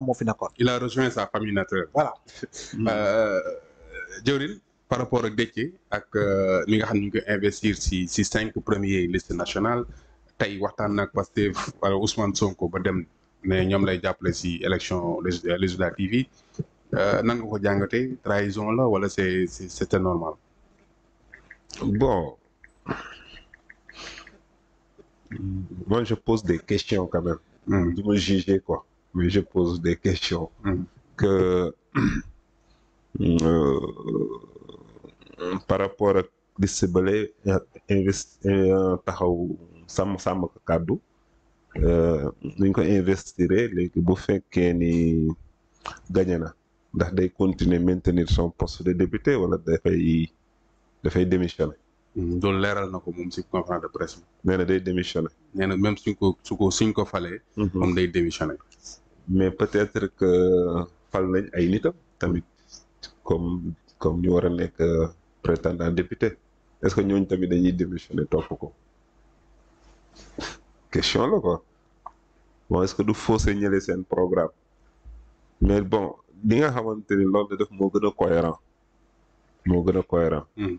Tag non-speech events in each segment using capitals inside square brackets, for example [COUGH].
moo fi nekkoon. il a rejoint sa famille naturelle. voilà. Hmm. Euh, Diorin par rapport ak Déthié ak li euh, nga xam ne ñu ngi investir si si cinq premier liste nationale tey waxtaan naag Pastef wala Ousmane Sonko ba dem ne ñoom lay jàppale si élection législative yi euh, nan nga ko jàngatee trahison la wala c'est c'était normal. bon. moi je pose des questions quand même. Hmm. du ma juger mais je pose des question que euh, par rapport ak liste bële euh, euh, taxaw sàmm sàmm kàddu nuñ ko investiré léegi bu fekkee nii gagné na ndax day continuer maintenir son post de député wala dafay dafay démissionner. loolu leeral na ko moom si conférence de presse bi. day démissionner. nee na même suñ ko suñ ko falee. Mhm. moom day démissionner. mais peut-être que fal nañ ay nitam tamit comme comme ñu war a nekk euh, prétendant député est-ce que ñooñu tamit dañuy démissionner topp ko question la quoi bon est-ce que du faussé ñële seen programme mais bon li nga xamante ni loolu def moo gën a cohérent moo gën a cohérent hmm.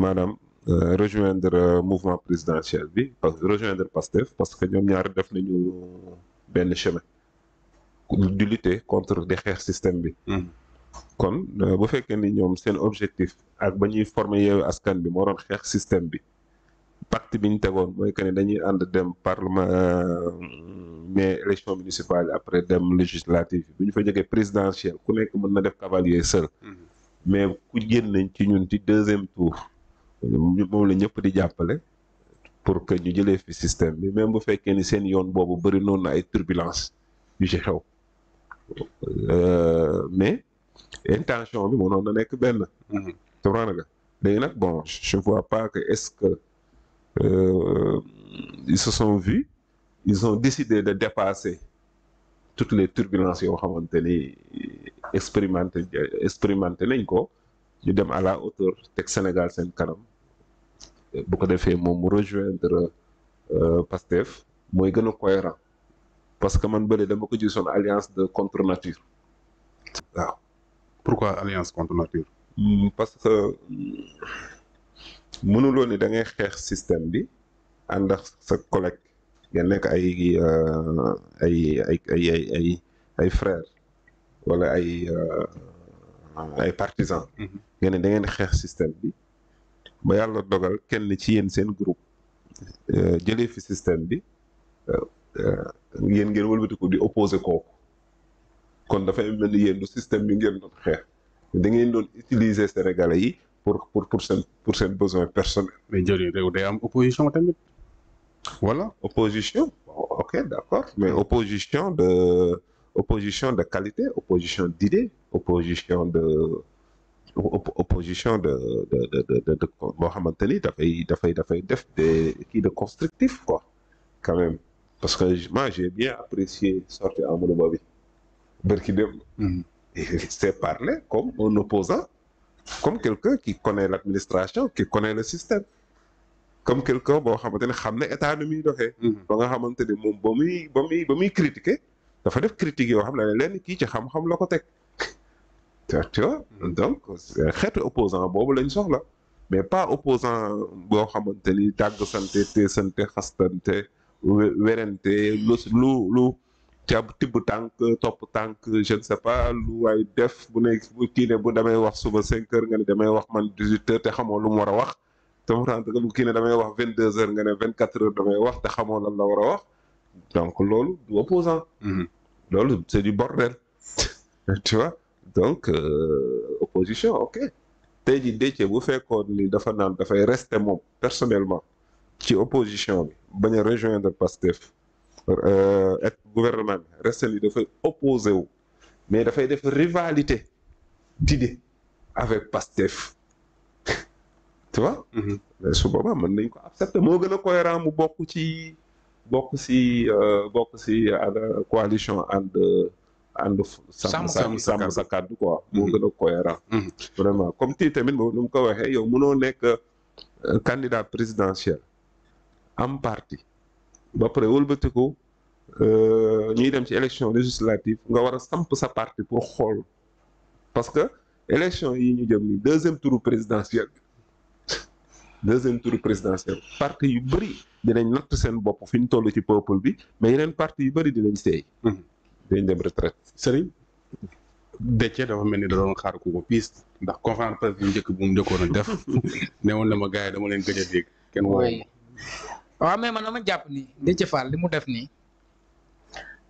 maanaam euh, rejoindre euh, mouvement présidentiel bi rejoindre Pastef parce que ñoom ñaari def nañu benn chemin di lutter contre di xeex système bi. Hmm. kon euh, bu fekkee ni ñoom seen objectif ak ba ñuy former yeewu askan bi moo doon xeex système bi pacte bi ñu tegoon mooy que ne dañuy ànd dem parlement euh, mais élection municipale après dem législative bu ñu fa jógee présidentielle ku nekk mën na def cavalier seul. Hmm. mais ku génn ci ñun ci deuxième tour moom la ñëpp di jàppale pour que ñu jëlee fi système bi même bu fekkee ni seen yoon boobu bëri noonu na ay turbulences yu ci Euh, mais intention bi mënoon na nekk benn. Mhm. comprendre nga léegi nag bon je vois pas que est-ce que euh, ils se sont vus ils ont décidé de dépasser toutes les turbulences yoo xamante ni expérimenté expérimenté nañ ko ñu dem à la hauteur teg Sénégal seen kanam bu ko defee moom mu rejoindre euh, Pastef mooy gën a cohérent parce que man bële dama ko gisoon alliance de contre nature. waaw. pourquoi alliance contre nature. Hmm, parce que mënuloo ni da ngay xeex système bi ànd ak sa collègue nga nekk ay euh, ay ay ay ay ay ay frères wala ay euh, ay partisans. Mhm. nga ne da ngeen xeex système bi ba yàlla dogal kenn ci yéen seen groupe euh, jëlee fi système bi. yéen ngeen wëlbatiku di opposé kooku kon dafay mel ni yéen du système bi ngeen doon xeex da ngeen doon utiliser sénégalais yi pour pour pour seen pour seen besoin personnel. mais jëriñ réew day am opposition tamit voilà. opposition ok d' accord mais opposition de opposition de qualité opposition d' idée opposition de. opposition de de de de boo xamante ni dafay dafay dafay def des kii de constructif quoi quand parce que moi j'ai bien apprécié sorti Amadou Ba bi bërki dem il s'est comme un opposant comme quelqu'un qui connaît l'administration qui connaît le système comme quelqu'un boo xamante ne xam ne état nu muy doxee mm-hmm. ba nga xamante ne moom ba muy ba muy ba muy critiquer dafa def critique yoo xam ne leen kii ci xam-xam la ko teg tu mm-hmm. xeetu opposant boobu lañ soxla mais pas opposant boo xamante ni tàgg sante te sante xastante werante lu lu lu jàpp tibb tànk topp tànk je ne sais pas lu waay def bu ne bu kii bu damay wax suba cinq heures nga ne damay wax man dix-huit heures te xamoo lu mu a wax te pourtant bu kii ne damay wax vingt deux heures nga ne vingt quatre heures damay wax te xamoo lan la war a wax donc loolu du opposant mm-hmm. loolu c'est du bordel [LAUGHS] tu vois donc euh, opposition ok te jii Déthié bu fekkoon ni dafa naan dafay rester moom personnellement ci opposition bi bañ a rejoindre Pastef ak euh, gouvernement bi Restel yi dafay opposé wu mais dafay def rivalité d'idée avec Pastef [LAUGHS] tu vois mm-hmm. su boobaa mën nañ ko accepter moo gën a cohérent mu bokk ci bokk si euh, bokk si coalition ànd ànd sàmm sàmm sa kaddu quoi moo mm-hmm. gën a cohérent mm-hmm. vraiment comme tii tamit moom nu mu ko waxee yow mënoo nekk euh, candidat présidentiel am parti ba pare wëlbatiku euh, ñuy dem ci élection législative nga war a samp sa parti pour xool parce que élection yi ñu jëm ni deuxième tour présidentiel deuxième tour présidentiel parti yu bëri dinañ natt seen bopp fi ñu toll ci peuple bi mais yeneen parti yu bari dinañ seey. Mm-hmm. dinañ dem retraite. Serigne Déthié dafa mel ni da doon xaar ku ko piste ndax conférence presse bu njëkk bu mu njëkkoon a def [LAUGHS] ne woon na ma gars yi dama leen gëj a dégg kenn woo waaw mais man ma jàpp ni Déthié Fall li mu def nii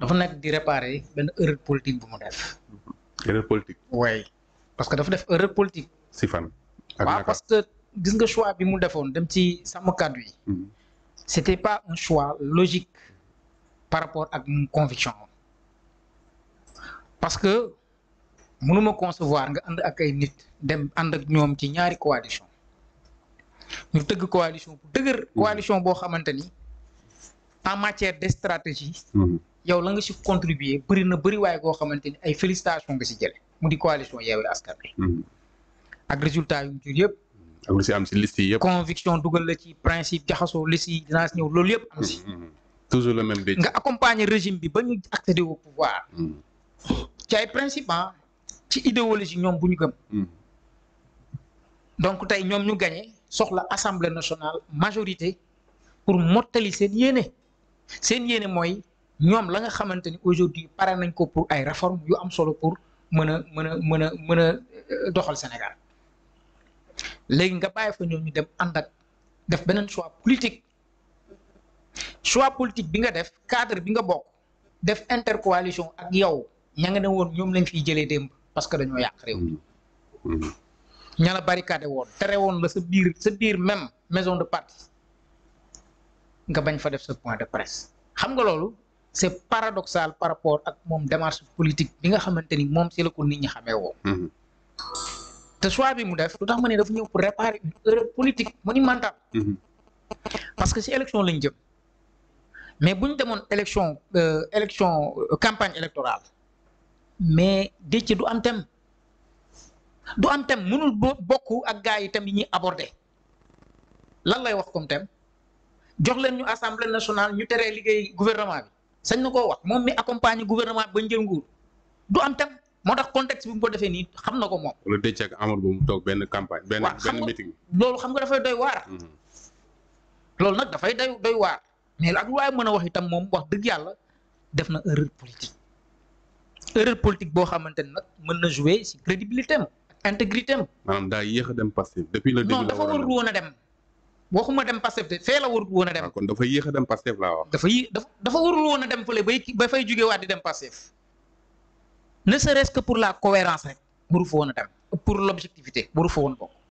dafa nekk di réparer benn erreur politique bu mu def. erreur politique. waaye parce que dafa def erreur politique. si parce que gis nga choix bi mu defoon dem ci sama kàddu yi. Hmm. c'était pas un choix logique par rapport ak conviction parce que mënuma concevoir nga ànd ak ay nit dem ànd ak ñoom ci ñaari coalition ñu tëgg coalition bu dëgër mm-hmm. coalition boo xamante ni en matière de stratégie mm-hmm. yow la nga si contribuer bëri na bëri waaye goo xamante ni ay félicitations nga si jële mu di coalition Yewwi Askan Wi mm-hmm. ak résultat yu mu jur yëpp ak lu si am si liste yi yëpp conviction dugal la ci principe jaxasoo liste yi dinaa si ñëw loolu yëpp am si toujours le même nga accompagner régime bi ba ñu accéder au pouvoir ci ay ah, ci idéologie ñoom bu ñu gëm donc tey ñoom ñu gagné soxla assemblée nationale majorité pour mottali seen yéene seen yéene mooy ñoom la nga xamante ni aujourd'hui pare nañ ko pour ay réformes yu am solo pour mën a mën a mën a mën a euh, doxal Sénégal léegi nga bàyyi fa ñoom ñu dem ànd ak def beneen choix politique choix politique bi nga def cadre bi nga bokk def intercoalition ak yow ña nga ne woon ñoom lañ fi jëlee démb parce que dañoo yàq réew mi mm-hmm. Mm-hmm. ña la barricadé woon tere woon la sa biir sa biir même maison de parti nga bañ fa def sa point de presse xam nga loolu c'est paradoxal par rapport ak moom démarche politique bi nga xamante ni moom si la ko nit ñi xamee woon. Mhm. te choix bi mu def lu tax ma ne dafa ñëw pour réparer une erreur politique monumentale. Mhm. parce que si élection lañ jëm mais bu ñu demoon élection euh, élection euh, campagne électorale mais décc du am thème. du am thème mënul bokk ak gars yi tam yi ñu abordé lan lay wax comme thème jox leen ñu assemblée nationale ñu teree liggéey gouvernement bi sañ na koo wax moom mi accompagner gouvernement ba jël nguur du am thème moo tax contexte bi mu ko defee nii xam na ko moom. wala Déthié ak mu toog benn campagne. benn benn meeting loolu xam nga dafay doy waar. Mhm. loolu nag dafay doy doy waar mais ak lu waaye mën a wax itam moom wax dëgg yàlla def na erreur politique erreur politique boo xamante ne nag mën na jouer ci crédibilité am intégrité am. maanaam daa yéex a dem Pastef depuis le début non dafa warul woon a dem. waxuma dem Pastef de fee la warul woon a dem. Ah, kon dafa yéex a dem Pastef laa wax. dafa yéex dafa warul woon a dem fële bay ba fay jugee waat di dem Pastef ne serait que pour la cohérence rek waru fa woon dem pour l' objectivité waru fa woon bokk